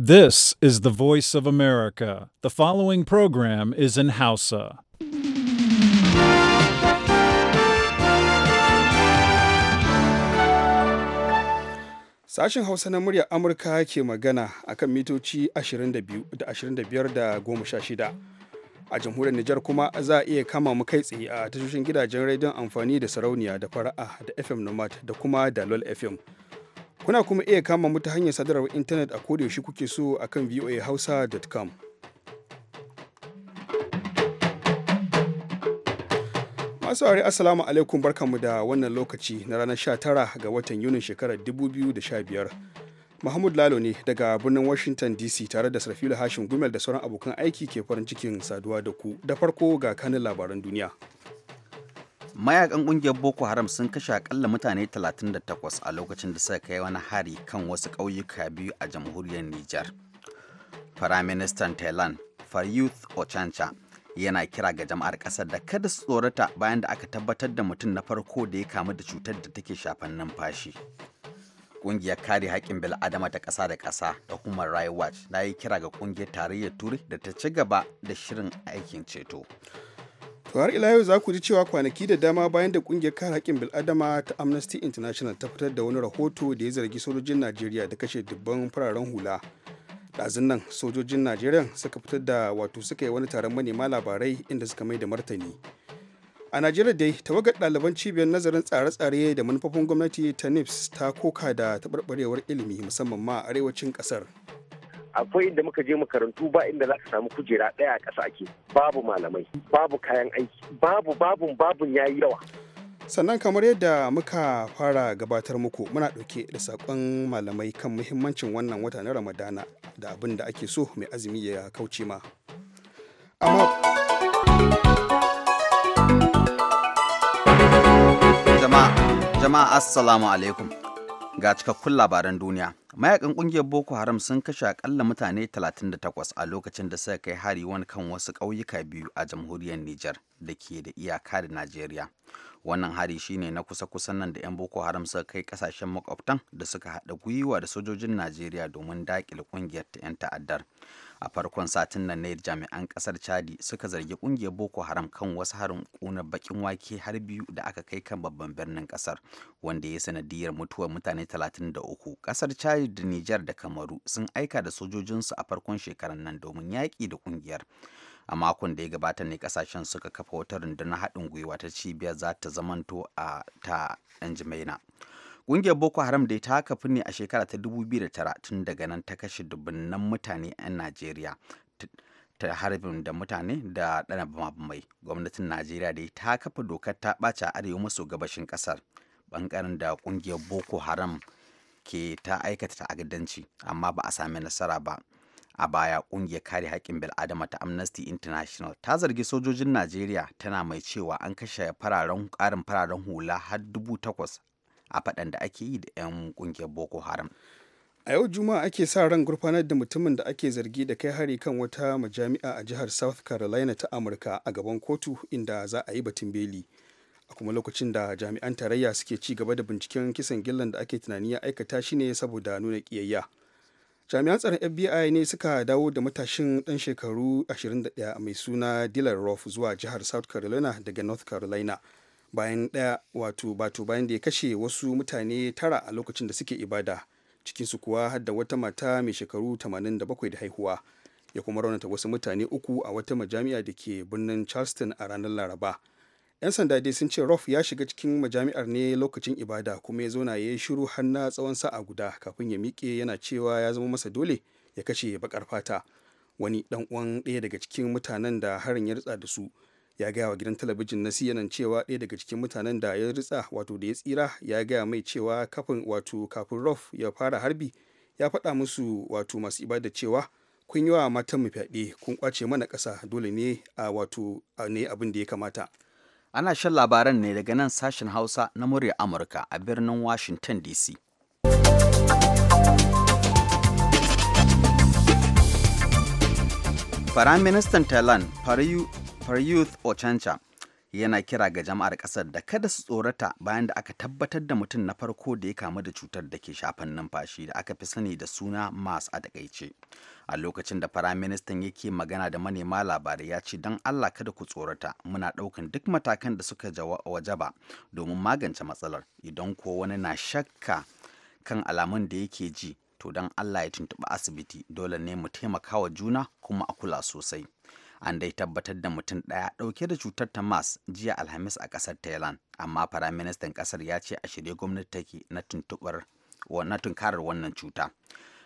This is the voice of America. The following program is in Hausa. Sashen Hausa na muryar Amurka ke magana akan mitoci 22 da 25 da 16. A jamhuriyar Nijar kuma za a iya kama mu kai tsaye a tashoshin gidajen rediyon amfani da sarauniya da fara'a da FM Nomad da kuma Dalol FM. Kuna kuma iya kama mu ta hanyar sadarwar intanet a kodayaushe kuke so a kan voahausa.com. Masu aure assalamu alaikum barkanmu da wannan lokaci na ranar 19 ga watan Yunin shekarar 2015. Mahmud Lalo ne daga birnin Washington DC tare da Sarfila Hashim Gumel da sauran abokan aiki ke farin cikin saduwa da ku da farko ga kanin labaran duniya. mayakan kungiyar boko haram sun kashe akalla mutane 38 a lokacin da suka kai wani hari kan wasu ƙauyuka biyu a jamhuriyar niger firaministan thailand youth ochancha yana kira ga jama'ar ƙasar da kada su tsorata bayan da aka tabbatar da mutum na farko da ya kamu da cutar da take shafan numfashi kungiyar kare haƙƙin bil'adama ta ƙasa da ƙasa da kuma rights watch na yi kira ga kungiyar tarayyar turai da ta ci gaba da shirin aikin ceto To har ila yau za ku ji cewa kwanaki da dama bayan da kungiyar kare haƙƙin bil'adama ta Amnesty International ta fitar da wani rahoto da ya zargi sojojin Najeriya da kashe dubban fararen hula. Ɗazun nan sojojin Najeriya suka fitar da wato suka yi wani taron manema labarai inda suka mai da martani. A Najeriya dai tawagar ɗaliban cibiyar nazarin tsare-tsare da manufofin gwamnati ta NIPS ta koka da taɓarɓarewar ilimi musamman ma a arewacin ƙasar. akwai inda muka je makarantu ba inda za ka samu kujera ɗaya a ƙasa ake babu malamai babu kayan aiki babu babun babun yayi yawa sannan kamar yadda muka fara gabatar muku muna ɗauke da saƙon malamai kan muhimmancin wannan wata na ramadana da abin da ake so mai azumi ya kauce ma jama'a jama'a assalamu alaikum Ga cikakkun labaran duniya, mayakan ƙungiyar Boko Haram sun kashe akalla mutane 38 a lokacin da suka kai hari wani kan wasu ƙauyuka biyu a jamhuriyar Nijar da ke da iyaka da Najeriya. Wannan hari shine na kusa-kusan nan da 'yan Boko Haram suka kai ƙasashen makwabtan da suka haɗa gwiwa da sojojin Najeriya domin daƙile ƙungiyar ta 'yan ta'addar. a farkon satin nan na jami'an kasar chadi suka zargi kungiyar boko haram kan wasu harin kuna bakin wake har biyu da aka kai kan babban birnin kasar wanda ya sanadiyar mutuwar mutane 33 kasar chadi da nijar da kamaru sun aika da sojojinsu a farkon shekaran nan domin yaƙi da kungiyar a makon da ya gabata ne kasashen suka kafa wata rundunar haɗin gwiwa ta cibiyar za ta zamanto a ta ɗan jimaina Ƙungiyar Boko Haram dai ta haka ne a shekara ta 2009 tun daga nan ta kashe dubunnan mutane 'yan Najeriya ta harbin da mutane da ɗana mai. Gwamnatin Najeriya dai ta kafa dokar ta ɓace a arewa maso gabashin ƙasar ɓangaren da ƙungiyar Boko Haram ke ta aikata ta'addanci amma ba a sami nasara ba. a baya ƙungiyar kare haƙƙin bil'adama ta amnesty international ta zargi sojojin najeriya tana mai cewa an kashe fararen ƙarin fararen hula har dubu takwas a faɗan da ake yi da 'yan ƙungiyar boko haram a yau juma'a ake sa ran gurfanar da mutumin da ake zargi da kai hari kan wata majami'a a jihar south carolina ta amurka a gaban kotu inda za a yi batun beli a kuma lokacin da jami'an tarayya suke ci gaba da binciken kisan gillan da ake tunani ya aikata shi ne saboda nuna kiyayya jami'an tsaron fbi ne suka dawo da matashin ɗan shekaru 21 mai suna dylan roth zuwa jihar south carolina daga north carolina bayan ɗaya wato bato bayan da ya kashe wasu mutane tara a lokacin da suke ibada cikinsu kuwa har da wata mata mai shekaru 87 da haihuwa ya kuma raunata wasu mutane uku a wata majami'a da ke birnin charleston a ranar laraba 'yan sanda dai sun ce rof ya shiga cikin majami'ar ne lokacin ibada kuma ya zauna ya yi shiru har na tsawon sa'a guda kafin ya miƙe yana cewa ya zama masa dole ya kashe bakar fata wani ɗan uwan ɗaya daga cikin mutanen da harin ya ritsa da su ya gaya wa gidan talabijin na cnn cewa ɗaya daga cikin mutanen da ya ritsa wato da ya tsira ya gaya mai cewa kafin wato kafin rof ya fara harbi ya faɗa musu wato masu ibada cewa kun yi wa matan mu fyaɗe kun kwace mana ƙasa dole ne a wato ne abin da ya kamata ana shan labaran ne daga nan sashen hausa na murya amurka a birnin washington dc Firaministan Thailand paryu. kafar Youth Ochancha yana kira ga jama'ar ƙasar da kada su tsorata bayan da aka tabbatar da mutum na farko da ya kamu da cutar da ke shafan numfashi da aka fi sani da suna mas a takaice a lokacin da firaministan yake magana da manema labarai ya ce don allah kada ku tsorata muna ɗaukan duk matakan da suka wajaba domin magance matsalar idan ko wani na shakka kan alamun da yake ji to don allah ya tuntuɓi asibiti dole ne mu taimaka wa juna kuma a kula sosai an dai tabbatar da mutum ɗaya ɗauke da cutar ta mas jiya alhamis a ƙasar thailand amma faraministan ƙasar ya ce a shirye gwamnati take na tuntubar na tunkarar wannan cuta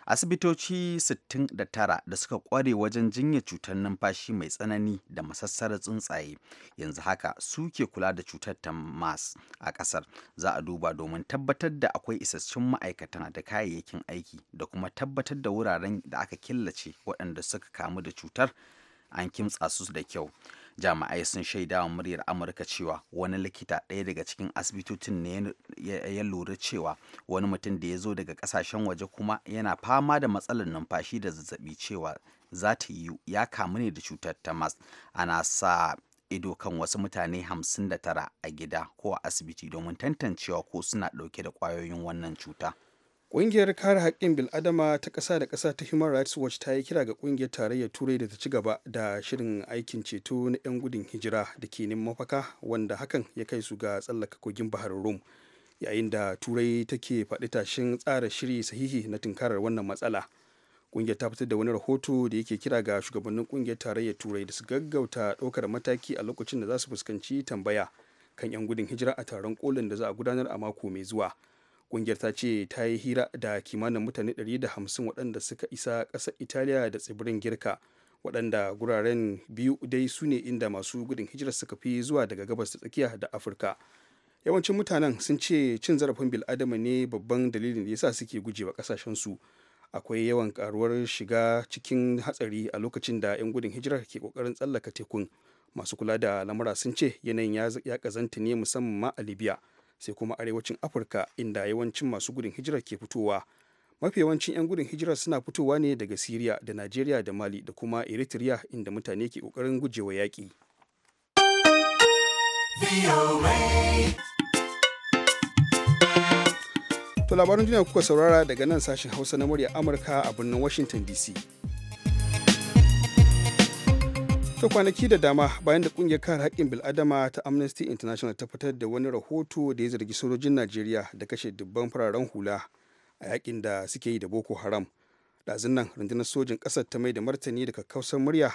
asibitoci 69 da suka kware wajen jinya cutar numfashi mai tsanani da masassara tsuntsaye yanzu haka su ke kula da cutar ta mas a kasar za a duba domin tabbatar da akwai isassun ma'aikata da kayayyakin aiki da kuma tabbatar da wuraren da aka killace waɗanda suka kamu da cutar an kimtsa su da kyau jami'ai sun shaida wa muryar amurka cewa wani likita ɗaya daga cikin asibitocin ne ya lura cewa wani mutum da ya zo daga ƙasashen waje kuma yana fama da matsalar numfashi da zazzabi cewa za ta yiwu ya kamu ne da cutar tamas ana sa ido kan wasu mutane 59 a gida ko a asibiti domin tantancewa ko suna ɗauke da ƙwayoyin wannan cuta. Ƙungiyar kare haƙƙin bil'adama ta ƙasa da ƙasa ta Human Rights Watch ta yi kira ga ƙungiyar tarayyar Turai da ta ci gaba da shirin aikin ceto na 'yan gudun hijira da ke mafaka wanda hakan ya kai su ga tsallaka kogin Bahar Rum. Yayin da Turai take faɗi tashin tsara shiri sahihi na tunkarar wannan matsala. Ƙungiyar ta fitar da wani rahoto da yake kira ga shugabannin ƙungiyar tarayyar Turai da su gaggauta ɗaukar mataki a lokacin da za su fuskanci tambaya kan 'yan gudun hijira a taron kolin da za a gudanar a mako mai zuwa. ƙungiyar ta ce ta yi hira da kimanin mutane 150 waɗanda suka isa ƙasar italiya da tsibirin girka waɗanda guraren biyu dai su ne inda masu gudun hijirar suka fi zuwa daga gabas ta tsakiya da afirka yawancin mutanen sun ce cin zarafin bil'adama ne babban dalilin da yasa suke gujewa su akwai yawan karuwar shiga cikin hatsari a lokacin da 'yan gudun hijirar ke kokarin tsallaka tekun masu kula da lamura sun ce yanayin ya ƙazanta ne musamman ma a libya sai kuma arewacin afirka inda yawancin masu gudun hijira ke fitowa mafi yawancin 'yan gudun hijira suna fitowa ne daga siriya da najeriya da mali da kuma eritrea inda mutane ke ƙoƙarin gujewa yaƙi To labarin duniya kuka saurara daga nan sashen Hausa na murya Amurka a birnin Washington DC. to kwanaki da dama bayan da kungiyar kare haƙƙin bil'adama ta amnesty international ta fitar da wani rahoto da ya zargi sojojin najeriya da kashe dubban fararen hula a yakin da suke yi da boko haram ɗazun nan rundunar sojin ƙasar ta mai da martani daga kausar murya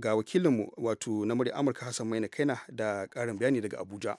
ga wakilinmu wato na murya amurka hassan maina kaina da ƙarin bayani daga abuja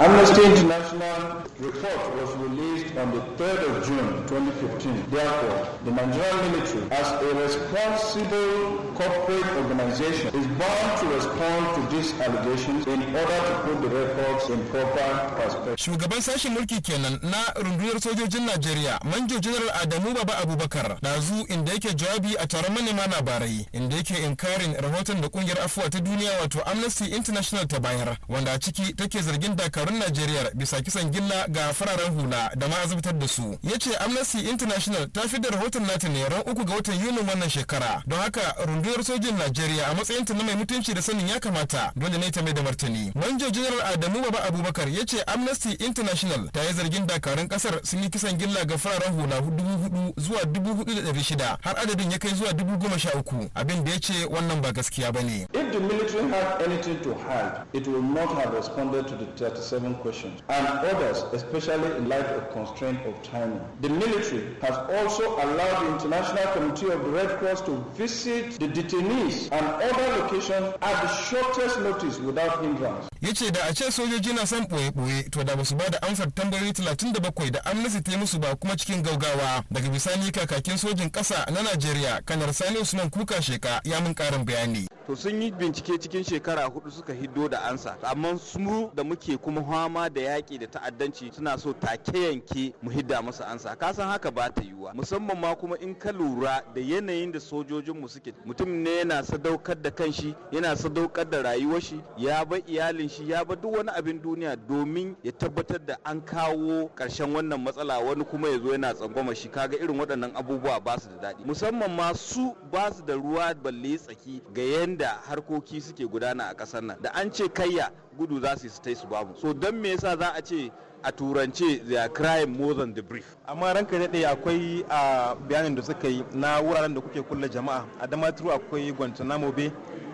Amnesty International report was released on the 3rd of June 2015. Therefore, the Nigerian military, as a responsible corporate organization, is bound to respond to these allegations in order to put the records in proper perspective. Shugaban sashen mulki kenan na rundunar sojojin Najeriya, Manjo General Adamu Baba Abubakar, zu inda yake jawabi a taron manema labarai, inda yake inkarin rahoton da kungiyar afuwa ta duniya wato Amnesty International ta bayar, wanda a ciki take zargin dakarun dakarun najeriya bisa kisan gilla ga fararen hula da ma azabtar da su ya ce amnesty international ta fi da rahoton nata ne ran uku ga watan yunin wannan shekara don haka rundunar sojin najeriya a matsayin ta na mai mutunci da sanin ya kamata dole ne ta mai da martani manjo general adamu baba abubakar ya ce amnesty international ta yi zargin dakarun kasar sun yi kisan gilla ga fararen hula dubu hudu zuwa dubu hudu da dari shida har adadin ya kai zuwa dubu goma sha uku abin da ya ce wannan ba gaskiya ba ne. if the military had anything to hide it would not have responded to the 37 seven questions, and others, especially in light of constraint of timing. The military has also allowed the International Committee of the Red Cross to visit the detainees and other locations at the shortest notice without hindrance. ya ce da a ce sojoji na son ɓoye-ɓoye to da basu ba da amsar tambayoyi 37 da amnesty ta musu ba kuma cikin gaugawa daga bisani kakakin sojin ƙasa na najeriya kanar sani usman kuka sheka ya mun ƙarin bayani to sun yi bincike cikin shekara hudu suka hiddo da ansa amma mu da muke kuma muhama da yaƙi da ta'addanci suna so take yanke mu hidda masa ansa ka san haka ba ta yiwuwa musamman ma kuma in ka lura da yanayin da sojojinmu suke mutum ne yana sadaukar da kanshi yana sadaukar da rayuwar shi ya ba iyalin shi ya ba duk wani abin duniya domin ya tabbatar da an kawo karshen wannan matsala wani kuma ya zo yana tsangwama shi kaga irin waɗannan abubuwa ba su da daɗi musamman ma su ba su da ruwa balle tsaki ga yanda harkoki suke gudana a ƙasar nan da an ce kayya gudu za su yi su babu so don me yasa za a ce a turance they are crying more than the brief amma ranka daɗe akwai a bayanin da suka yi na wuraren da kuke kulle jama'a a damaturu akwai guantanamo bay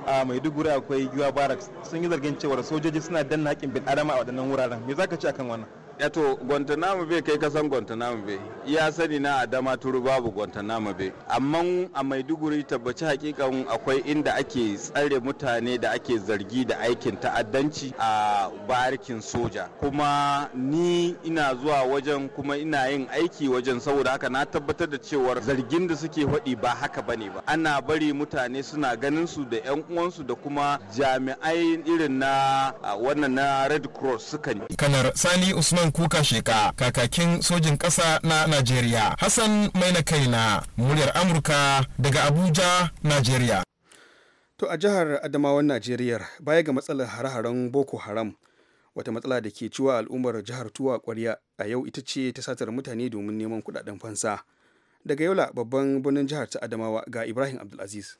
a maiduguri akwai yuwa barracks sun yi zargin cewa sojoji suna danna haƙƙin bil'adama a waɗannan wuraren me za ka ce akan wannan Eto Guantanamo Bay kai kasan Guantanamo Bay. Iya sani na Adama Turu babu Guantanamo Bay. Amma a Maiduguri tabbaci hakikan akwai inda ake tsare mutane da ake zargi da aikin ta'addanci a barikin soja. Kuma ni ina zuwa wajen kuma ina yin aiki wajen saboda haka na tabbatar da cewar zargin da suke faɗi ba haka bane ba. Ana bari mutane suna ganin su da 'yan uwansu da kuma jami'ai irin na wannan na Red Cross sukan. Kanar Sani Usman yawan Kuka Sheka kakakin sojin ƙasa na Najeriya Hassan Maina Kaina muryar Amurka daga Abuja Najeriya To a jihar Adamawan Najeriya baya ga matsalar hare-haren Boko Haram wata matsala da ke ciwa al'ummar jihar Tuwa kwarya a yau ita ce ta satar mutane domin neman kudaden fansa. Daga Yola babban birnin jihar ta Adamawa ga Ibrahim Abdulaziz.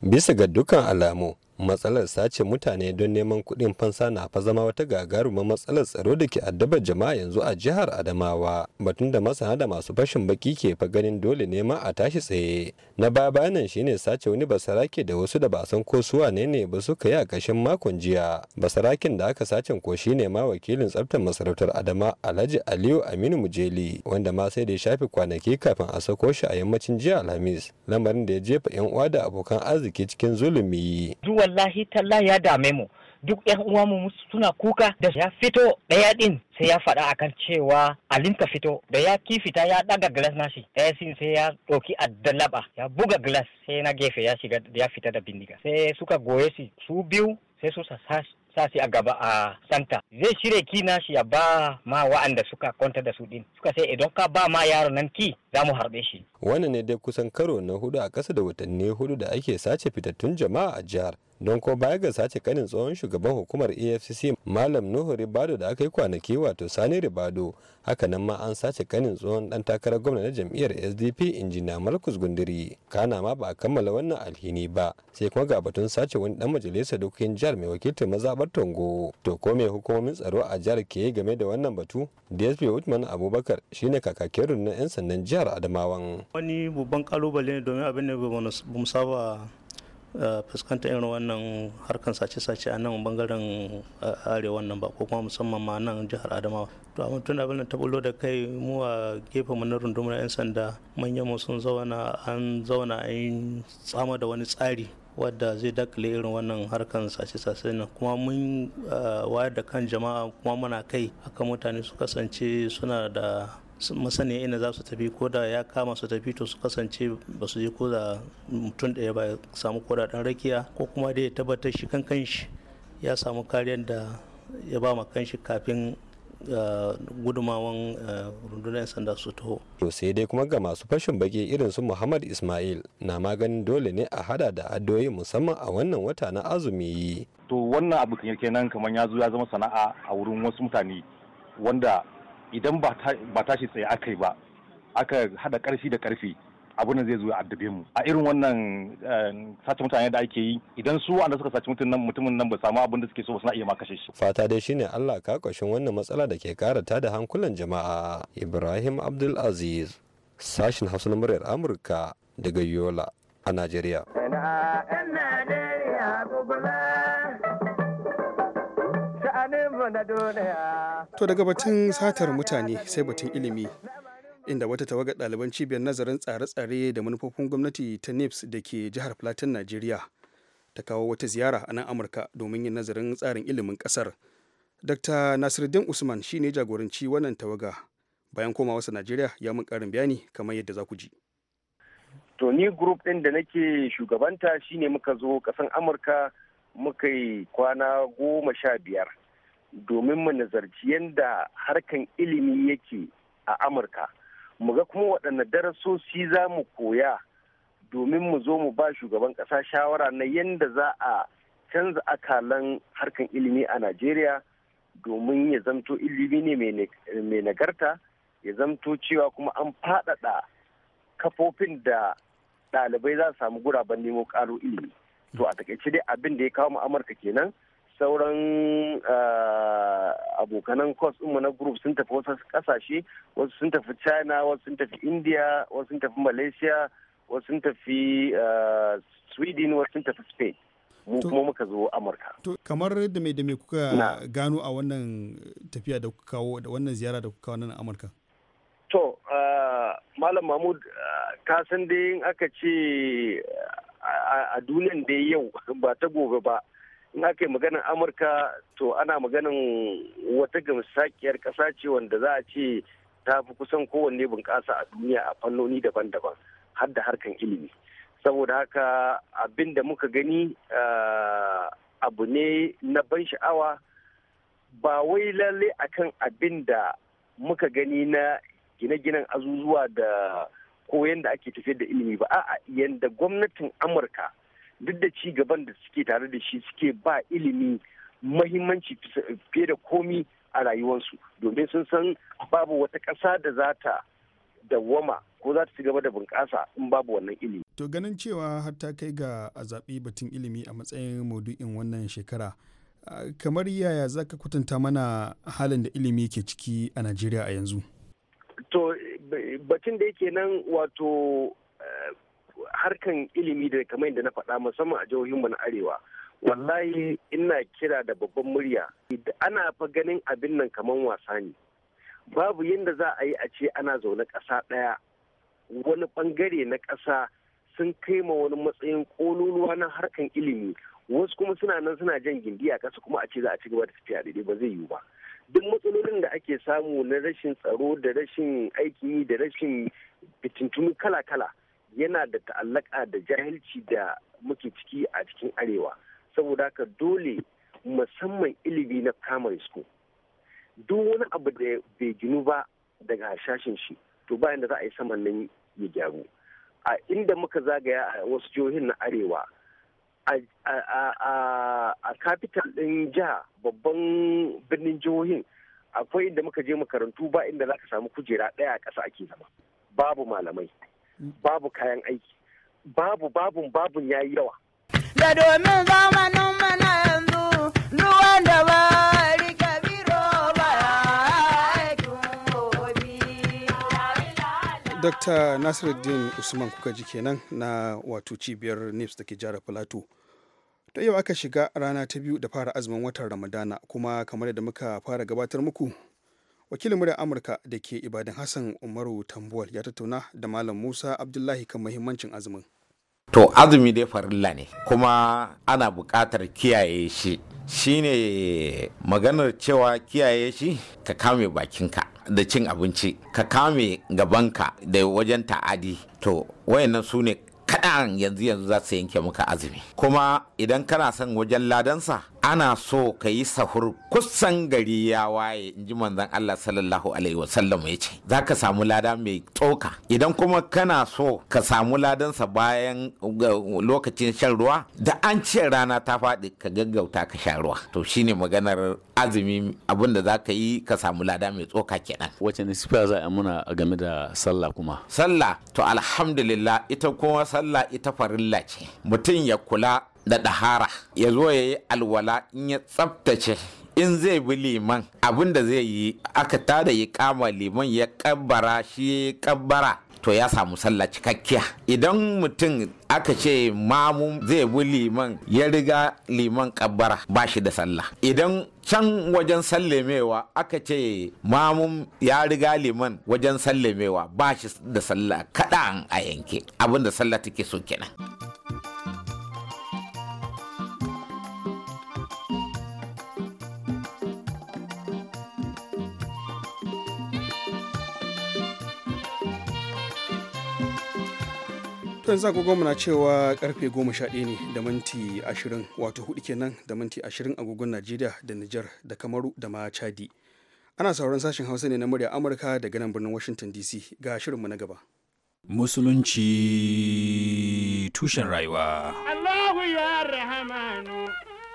Bisa ga dukkan alamu matsalar sace mutane don neman kuɗin fansa na fa zama wata gagarumar matsalar tsaro da ke addabar jama'a yanzu a jihar adamawa batun da masana da masu fashin baki ke fa ganin dole ne a tashi tsaye na baya bayanan shine sace wani basarake da wasu da ba san ko su wane ne ba suka yi a ƙarshen makon jiya basaraken da aka sacen ko shine ma wakilin tsaftar masarautar adama alhaji aliyu aminu mujeli wanda ma sai da ya shafi kwanaki kafin a sako shi a yammacin jiya alhamis lamarin da ya jefa yan uwa da abokan arziki cikin zulumi wallahi talla ya dame mu duk yan uwa mu suna kuka da ya fito ɗaya din sai ya faɗa akan cewa alinka fito da ya fita ya ɗaga glass nashi ɗaya sin sai ya ɗauki addalaba ya buga glass sai na gefe ya shiga ya fita da bindiga sai suka goye shi su biyu sai su sa shi a gaba a santa zai shirya ki nashi ya ba ma wa'anda suka kwanta da su din suka sai idan ka ba ma yaro nan ki za mu harbe shi wannan ne dai kusan karo na hudu a ƙasa da watanni hudu da ake sace fitattun jama'a a jihar don ko baya ga sace kanin tsohon shugaban hukumar efcc malam nuhu ribado da aka yi kwanaki wato sani ribado hakanan ma an sace kanin tsohon dan takarar gwamna na jam'iyyar sdp injiniya markus gundiri kana ma ba a kammala wannan alhini ba sai kuma ga batun sace wani dan majalisar dokokin jihar mai wakiltar mazabar tongo to ko mai hukumomin tsaro a jihar ke yi game da wannan batu dsp utman abubakar shine kakakin rundunar yan sandan jihar adamawan wani babban kalubale ne domin abin da ba mu saba fuskanta irin wannan harkan sace-sace a nan bangaren arewa nan ba ko kuma musamman ma nan jihar adamawa to amma tun abin da ta da kai mu a gefen mu na rundunar 'yan sanda manyan mu sun zauna an zauna an tsama da wani tsari wadda zai dakile irin wannan harkan sace-sace nan kuma mun wayar da kan jama'a kuma muna kai akan mutane su kasance suna da masaniya ina za su tafi ko da ya kama su tafi to su kasance ba su je ko da mutum ɗaya ba samu ko da rakiya ko kuma dai ya tabbatar shi kan kanshi ya samu kariyar da ya ba ma kanshi kafin ah, gudumawan ah, rundunar sanda su taho. To sai dai kuma ga masu fashin baki irin su Muhammad Ismail na maganin dole ne a hada da addoyi musamman a wannan wata na azumi. To wannan abu kenan kamar ya zo ya zama sana'a a wurin wasu mutane wanda idan ba tashi tsaye aka yi ba aka hada karfi da karfi abin zai zo ya mu a irin wannan sace mutane da ake yi idan su wanda suka sace mutum mutumin nan ba samu abin da suke so ba suna iya ma kashe shi fata dai shine Allah ka kwashin wannan matsala da ke kara ta da hankulan jama'a Ibrahim Abdul Aziz sashin Hausa na muryar Amurka daga Yola a Najeriya. To daga batun satar mutane sai batun ilimi. Inda wata tawaga ɗaliban cibiyar nazarin tsare-tsare da manufofin gwamnati ta NIPS e da ke jihar Filatin Najeriya, ta kawo wata ziyara a nan Amurka domin yin nazarin tsarin ilimin ƙasar. Dr. Nasiruddin Usman shi ne jagoranci wannan tawaga. Bayan komawarsa Najeriya ya mun ƙarin bayani kamar yadda za ku ji. To ni group ɗin da nake shugabanta shine muka zo ƙasan Amurka muka yi kwana goma sha biyar. domin mu nazarci yadda harkan ilimi yake a amurka mu ga kuma waɗanne darasosi za mu koya domin mu zo mu ba shugaban ƙasa shawara na yadda za a canza akalan harkan ilimi a najeriya domin ya zamto ilimi ne mai nagarta ya zamto cewa kuma an faɗaɗa kafofin da ɗalibai za su samu guraben nemo ƙaro ilimi to a takaice dai abin da ya kawo mu amurka kenan sauran eh, abokanan kwas mu na group sun tafi wasu kasashe wasu sun tafi china wasu sun tafi india wasu sun tafi malaysia wasu sun tafi eh, sweden wasu sun tafi spain mu kuma muka zo amurka to kamar da me da me kuka gano a wannan tafiya da kuka kawo da wannan ziyara da kuka kawo nan amurka to eh, malam mahmud ka san dai in aka ce a duniyan da yau ba ta gobe ba in aka maganin amurka to ana maganin wata gamsakiyar ƙasa ce wanda za a ce ta fi kusan kowanne bunƙasa a duniya a fannoni daban-daban har da harkan ilimi saboda haka abin da muka gani ah, abu ne na ban sha'awa ba wai lalle akan abin da muka gani na gine-ginen azuzuwa da koyon da ake tafiyar da ilimi ba a'a yadda gwamnatin amurka duk da ci gaban da suke tare da shi suke ba ilimi mahimmanci fiye da komi a rayuwarsu domin sun san babu wata ƙasa da za ta dawwama ko za ta ci gaba da bunƙasa in babu wannan ilimi. To ganin cewa har ta kai ga a zaɓi batun ilimi a matsayin maudu'in wannan shekara. Kamar yaya za ka kwatanta mana halin da ilimi ke ciki a Najeriya a yanzu? To batun da yake nan wato harkan ilimi da kamar yadda na faɗa musamman a jihohin mu na arewa wallahi ina kira da babban murya ana fa ganin abin nan kamar wasa ne babu yadda za a yi a ce ana zaune ƙasa ɗaya wani ɓangare na ƙasa sun kai ma wani matsayin ƙololuwa na harkan ilimi wasu kuma suna nan suna jan gindi a ƙasa kuma a ce za a ci gaba da tafiya daidai ba zai yiwu ba duk matsalolin da ake samu na rashin tsaro da rashin aiki yi da rashin fitintunu kala-kala yana da ta'allaka da jahilci da muke ciki a cikin arewa saboda haka dole musamman ilimi na primary school duk wani abu da bai ginu ba daga hashashin shi to bayan da za a yi saman nan ya gyaru a inda muka zagaya a wasu jihohin na arewa a capital ɗin jiha babban birnin jihohin akwai inda muka je makarantu ba inda za ka samu kujera ɗaya a ƙasa ake zama babu malamai babu kayan aiki babu babun babun ya yi yawa da domin zamanin mana yanzu ruwan da ba rika biro ba Dr. Nasiruddin Usman kuka ji kenan na wato cibiyar NIPS da ke jihar Filato. ta yau aka shiga rana ta biyu da fara azumin watan ramadana kuma kamar da muka fara gabatar muku wakilin muryar amurka da ke ibadan hassan umaru tambuwal ya tattauna da malam musa abdullahi kan muhimmancin azumin to azumi dai farilla ne kuma ana buƙatar kiyaye shi shine maganar cewa kiyaye shi ka kame bakinka da cin abinci ka kame gabanka da wajen ta'adi to wayannan su ne kaɗan yanzu yanzu za su yanke maka azumi kuma idan kana son wajen ladansa ana so ka yi sahur kusan gari ya waye in ji manzan Allah sallallahu alaihi wasallam ya ce za ka samu lada mai tsoka idan kuma kana so ka samu ladansa bayan lokacin shan ruwa da an ce rana ta faɗi ka gaggauta ka sha ruwa to shine maganar azumi abinda za ka yi ka samu lada mai tsoka kenan wace ne za a muna game da sallah kuma sallah to alhamdulillah ita kuma sallah ita farilla ce mutum ya kula da ɗahara ya zo ya yi alwala in ya tsabtace in zai bi liman abin da zai yi aka tada ya kama liman ya kabbara shi ya kabbara to ya samu sallah cikakkiya idan mutum aka ce mamu zai bi liman ya riga liman kabbara ba shi da sallah idan can wajen sallamewa aka ce mamun ya riga liman wajen sallamewa ba shi da sallah kaɗan a yanke abin da sallah take so kenan. yanzu agogon na cewa karfe goma sha ɗaya ne da minti ashirin wato hudu kenan da minti ashirin agogon najeriya da nijar da kamaru da ma chadi ana sauran sashen hausa ne na murya amurka daga nan birnin washington dc ga mu na gaba musulunci tushen rayuwa allahu ya rahamanu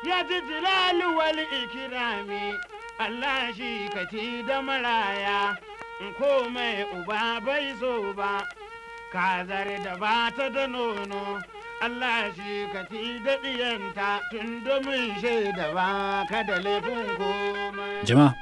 ya ji jilali wal ikirami allah shi kati da maraya komai uba bai zo ba kazar da bata da nono Allah shi ka da daɗiyanta tun domin shaida ba ka da laifin komai. Jama'a,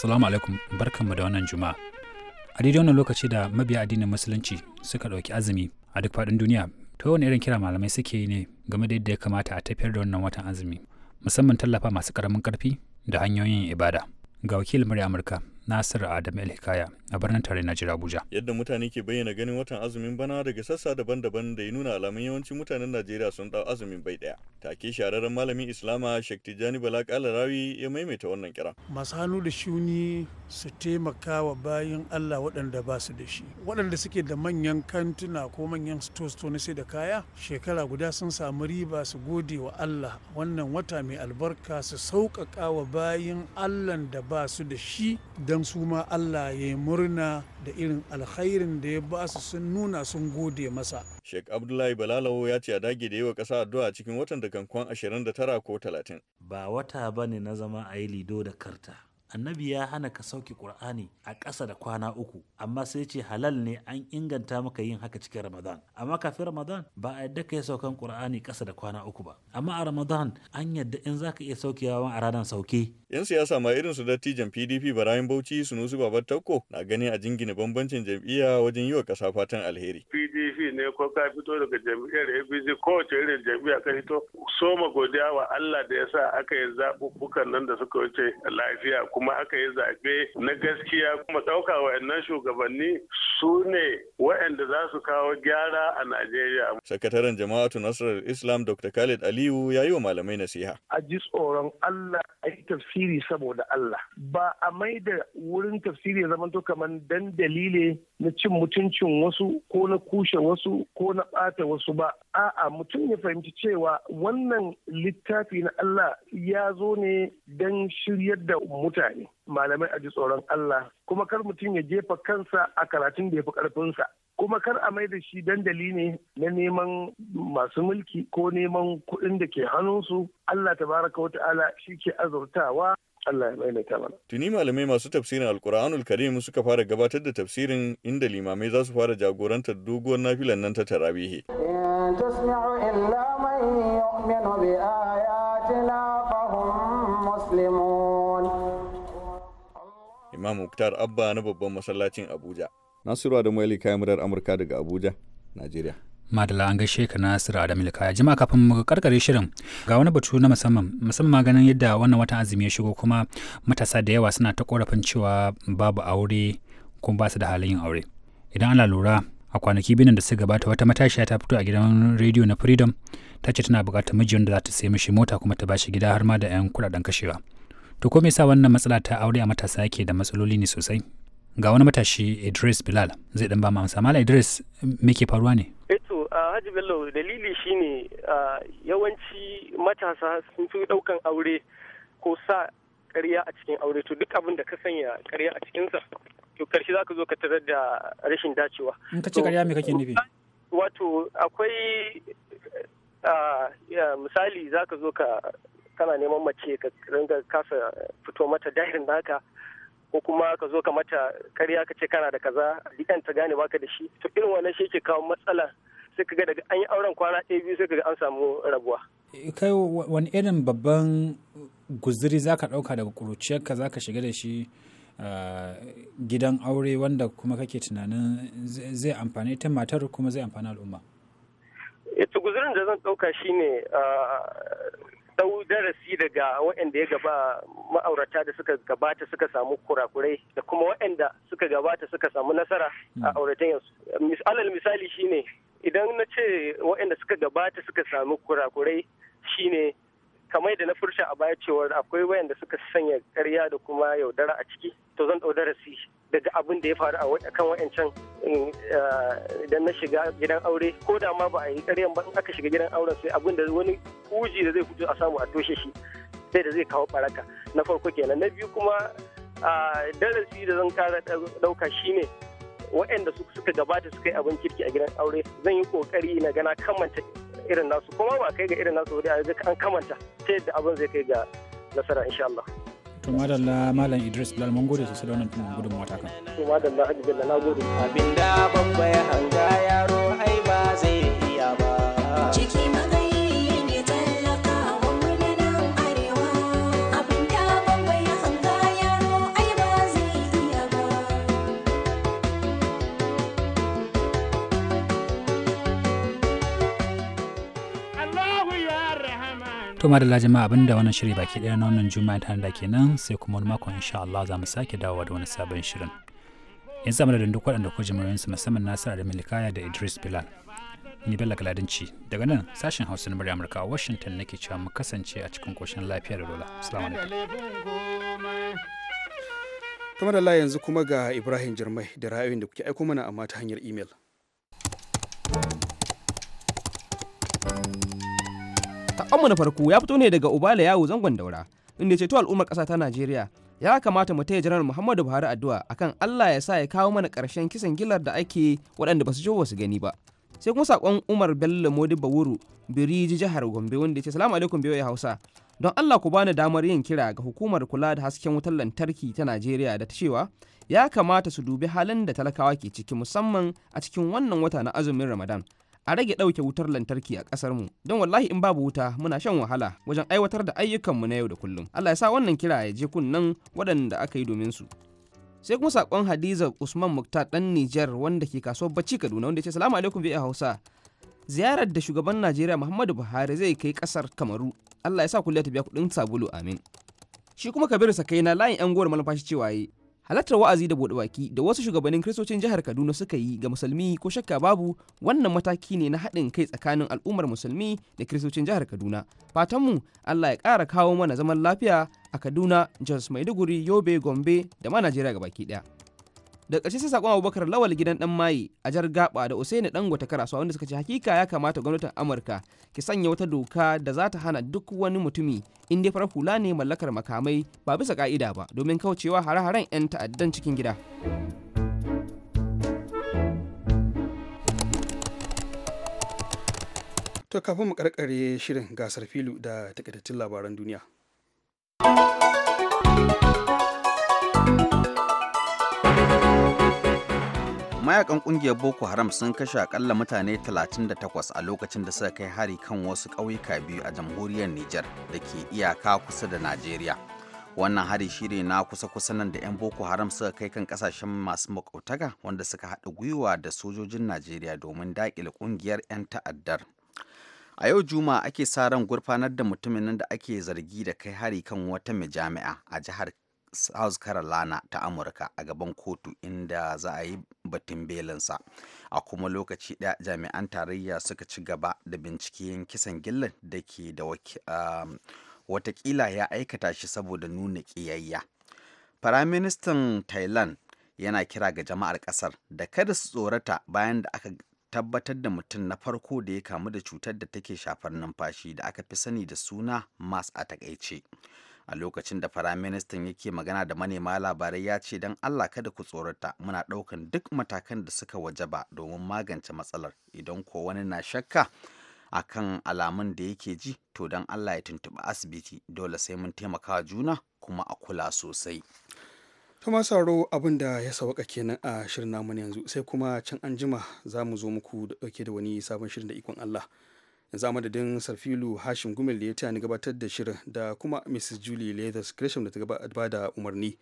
salamu alaikum barkanmu da wannan juma'a. A daidai wannan lokaci da mabiya addinin musulunci suka ɗauki azumi a duk faɗin duniya, to wani irin kira malamai suke yi ne game da yadda ya kamata a tafiyar da wannan watan azumi, musamman tallafa masu ƙaramin ƙarfi da hanyoyin ibada. Ga wakil murya Amurka, Nasir Adam El Hikaya a birnin tare Najeriya Abuja. Yadda mutane ke bayyana ganin watan azumin bana daga sassa daban-daban da ya nuna alamun yawancin mutanen Najeriya sun dau azumin bai daya. Take shahararren malamin Islama Sheikh Tijani Bala Kalarawi ya maimaita wannan kira. Masu hannu da shuni su taimaka wa bayan Allah waɗanda ba su da shi waɗanda suke da manyan kantuna ko manyan stosto na sai da kaya shekara guda sun samu riba su gode wa Allah wannan wata mai albarka su sauƙaƙa wa bayan Allah da ba su da shi don su ma Allah ya yi murna da irin alkhairin da ya ba su sun nuna sun gode masa. Sheikh Abdullahi Balalawo ya ce a dage da yi wa ƙasa addu'a cikin watan da kankon 29 ko 30. Ba wata bane na zama a yi lido da karta. annabi ya hana ka sauke qur'ani a ƙasa da kwana uku amma sai ce halal ne an inganta maka yin haka cikin ramadan amma kafin ramadan ba a yadda ka yi saukan qur'ani ƙasa da kwana uku ba amma a ramadan an yadda in za ka iya saukewa a ranar sauke yan siyasa ma irin su dattijan pdp barayin bauchi sunusu babar tauko na gani a jingina bambancin jam'iyya wajen yi wa ƙasa fatan alheri pdp ne ko ka fito daga jam'iyyar apc kowace irin jam'iyya ka fito soma godiya wa allah da ya sa aka yi zaɓuɓɓukan nan da suka wuce lafiya kuma kuma aka yi zaɓe na gaskiya kuma ɗauka waɗannan shugabanni su ne waɗanda za su kawo gyara a Najeriya. Sakataren jama'atu Nasarar Islam Dr. Khalid Aliyu ya yi wa malamai nasiha. A ji tsoron Allah a yi tafsiri saboda Allah. Ba a mai da wurin tafsiri zaman zamanto kamar dan dalile na cin mutuncin wasu ko na kushe wasu ko na ɓata wasu ba. A'a mutum ya fahimci cewa wannan littafi na Allah ya zo ne don shiryar da mutane. mutane malamai a ji tsoron Allah kuma kar mutum ya jefa kansa a karatun da ya fi karfinsa kuma kar a mai da shi dandali ne na neman masu mulki ko neman kuɗin da ke hannunsu Allah ta baraka wa ta'ala shi ke azurtawa Allah ya mana. Tuni malamai masu tafsirin Alkur'anul Karim suka fara gabatar da tafsirin inda limamai za su fara jagorantar doguwar nafilan nan ta tarabihi. In illa man yu'minu bi ayatina Imam Muktar Abba na babban masallacin Abuja. Nasiru Adamu kayan murar Amurka daga Abuja, Najeriya. Madala an gaishe ka Nasiru Adamu Likaya. Jima kafin mu karkare shirin ga wani batu na musamman musamman ganin yadda wannan watan azumi ya shigo kuma matasa da yawa suna ta korafin cewa babu aure kuma ba su da halin yin aure. Idan ana lura a kwanaki biyu da suka gabata wata matashiya ta fito a gidan rediyo na Freedom ta ce tana buƙatar miji wanda za ta sayi mishi mota kuma ta shi gida har ma da 'yan kuɗaɗen kashewa. To ko me yasa wannan matsala ta aure a matasa yake da matsaloli ne sosai? Ga wani matashi Idris Bilal zai dan ba mu amsa. Mala Idris me ke faruwa ne? Eto eh Haji Bello dalili shine yawanci matasa sun fi daukan aure ko sa ƙarya a cikin aure to duk abin da ka sanya ƙarya a cikin sa to karshe zaka zo ka tarar da rashin dacewa. In ka ce ƙarya me kake nufi? Wato akwai misali zaka zo ka kana neman mace ka ringa kasa fito mata dahirin naka ko kuma ka zo ka mata karya ka ce kana da kaza dikan ta gane baka da shi to irin wannan shi ke kawo matsala sai ka ga daga an yi auren kwana ɗaya biyu sai ka ga an samu rabuwa eh, kai wani irin babban guziri za ka ɗauka daga ƙuruciyarka za ka shiga da shi ah, gidan aure wanda kuma kake tunanin zai amfani ta matar kuma zai amfani al'umma. Ita eh, guzurin da zan ɗauka shine ah, ɗau darasi daga waɗanda ya gaba ma'aurata da suka gabata suka samu kurakurai da kuma waɗanda suka gabata suka samu nasara a hmm. auratayyarsu. Alal misali shine idan na ce waɗanda suka gabata suka samu kurakurai shine kamar da na furta a baya cewar akwai wayanda suka sanya karya da kuma yaudara a ciki to zan ɗau darasi daga abin da ya faru a kan wa'ancan eh, idan na shiga gidan aure ko da ma ba a yi karyan ba in aka shiga gidan auren sai abin da wani kuji da zai fito a samu a toshe shi sai da zai kawo baraka na farko kenan na biyu kuma darasi da zan kara ɗauka shine wa'anda suka gabata suka yi abin kirki a gidan aure zan yi kokari na gana kamanta irin nasu kuma ba kai ga irin nasu wuri a an kamanta ta yadda abin zai kai ga nasara insha Allah. to madalla malam idris bilal mun gode sosai da wannan gudun mata kan to madalla hajji bello na gode abinda babba ya hanga yaro ai ba zai iya ba ciki ma to madalla jama'a abinda wannan shiri baki ɗaya na wannan juma'a ta da kenan sai kuma wani makon insha Allah za mu sake dawowa da wani sabon shirin yanzu zama da duk waɗanda ku jimirin su musamman Nasir da Milikaya da Idris Bilal ni Bello Galadinci daga nan sashen Hausa na murya Amurka a Washington nake cewa mu kasance a cikin koshin lafiya da lola. alaikum kamar da yanzu kuma ga Ibrahim Jirmai da ra'ayoyin da kuke aiko mana amma ta hanyar imel. Sakonmu na farko ya fito ne daga Ubala Yawo zangon daura, inda ceto al'ummar ƙasa ta Najeriya ya kamata mu taya janar Muhammadu Buhari addu'a akan Allah ya sa ya kawo mana karshen kisan gilar da ake waɗanda ba su ba su gani ba. Sai kuma sakon Umar Bello modi bawuru Biriji jihar Gombe wanda ya ce salamu alaikum biyoyi Hausa. Don Allah ku bani damar yin kira ga hukumar kula da hasken wutar lantarki ta Najeriya da ta cewa ya kamata su dubi halin da talakawa ke ciki musamman a cikin wannan wata na azumin Ramadan a rage ɗauke wutar lantarki a ƙasar mu don wallahi in babu wuta muna shan wahala wajen aiwatar da ayyukanmu na yau da kullum Allah ya sa wannan kira ya je kunnen waɗanda aka yi domin su sai kuma sakon Hadiza Usman Muktar dan Nijar wanda ke kasuwar Bacci Kaduna wanda ya ce salamu alaikum bi'a Hausa ziyarar da shugaban Najeriya Muhammadu Buhari zai kai ƙasar Kamaru Allah ya sa kulliya ta biya kuɗin sabulu amin shi kuma Kabir Sakaina layin yan gowar malfashi cewa yi halartar wa'azi da buɗe baki da wasu shugabannin kristocin jihar kaduna suka yi ga musulmi ko shakka babu wannan mataki ne na haɗin kai tsakanin al'ummar musulmi da kristocin jihar kaduna fatanmu allah ya ƙara kawo mana zaman lafiya a kaduna jos maiduguri yobe gombe da ma najeriya gabaki ɗaya da ƙarshe sai sakon abubakar lawal gidan dan maye a jar gaba da usaini dangote karasuwa wanda suka ce hakika ya kamata gwamnatin amurka ki sanya wata doka da za ta hana duk wani mutumi in dai farar hula ne mallakar makamai ba bisa ka'ida ba domin kaucewa hare-haren 'yan ta'addan cikin gida to kafin mu karkare shirin gasar filu da takaitattun labaran duniya mayakan kungiyar boko haram sun kashe akalla mutane 38 a lokacin da suka kai hari kan wasu ƙauyuka biyu a jamhuriyar nijar da ke iyaka kusa da najeriya wannan hari shine na kusa-kusa nan da 'yan boko haram suka kai kan kasashen masu makautaka wanda suka haɗa gwiwa da sojojin najeriya domin daƙile ƙungiyar 'yan ta'addar a yau juma ake sa ran gurfanar da mutumin nan da ake zargi da kai hari kan wata mai jami'a a jihar south carolina ta amurka a gaban kotu inda za a yi batun belinsa a kuma lokaci ɗaya jami'an tarayya suka ci gaba da binciken kisan gillan da ke da um, watakila ya aikata shi saboda nuna ƙiyayya firaministan thailand yana kira ga jama'ar ƙasar da kada su tsorata bayan da aka tabbatar da mutum na farko da ya kamu da cutar da take shafar numfashi da aka fi sani da suna mas a takaice a lokacin da firaministan yake magana da manema labarai ya ce don allah kada ku tsorata muna ɗaukan duk matakan da suka wajaba domin magance matsalar idan ko wani na shakka a kan alamun da yake ji to don allah ya tuntuɓi asibiti dole sai mun taimaka juna kuma a kula sosai Thomas Sauro abin da ya sauka kenan a shirin namu yanzu sai kuma can anjima za mu zo muku da ɗauke da wani sabon shirin da ikon Allah. yanzu a madadin sarfilu hashim gumel da ya taya ni gabatar da shirin da kuma mrs julie leathers gresham da ta ba da umarni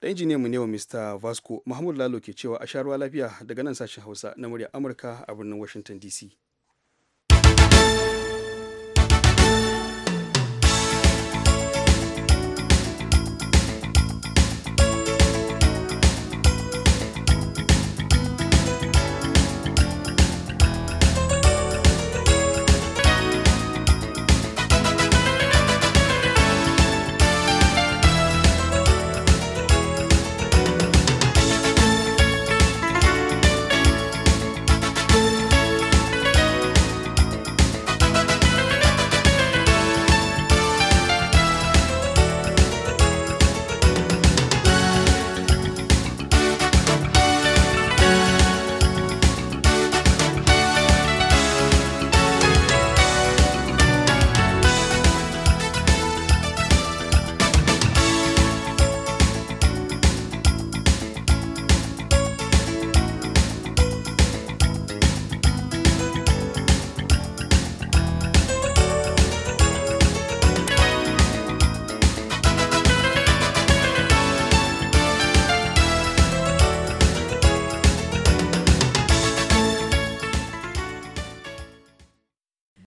da injiniyan mu ne wa mr vasco mahmud lalo ke cewa a sha ruwa lafiya daga nan sashen hausa na murya amurka a birnin washington dc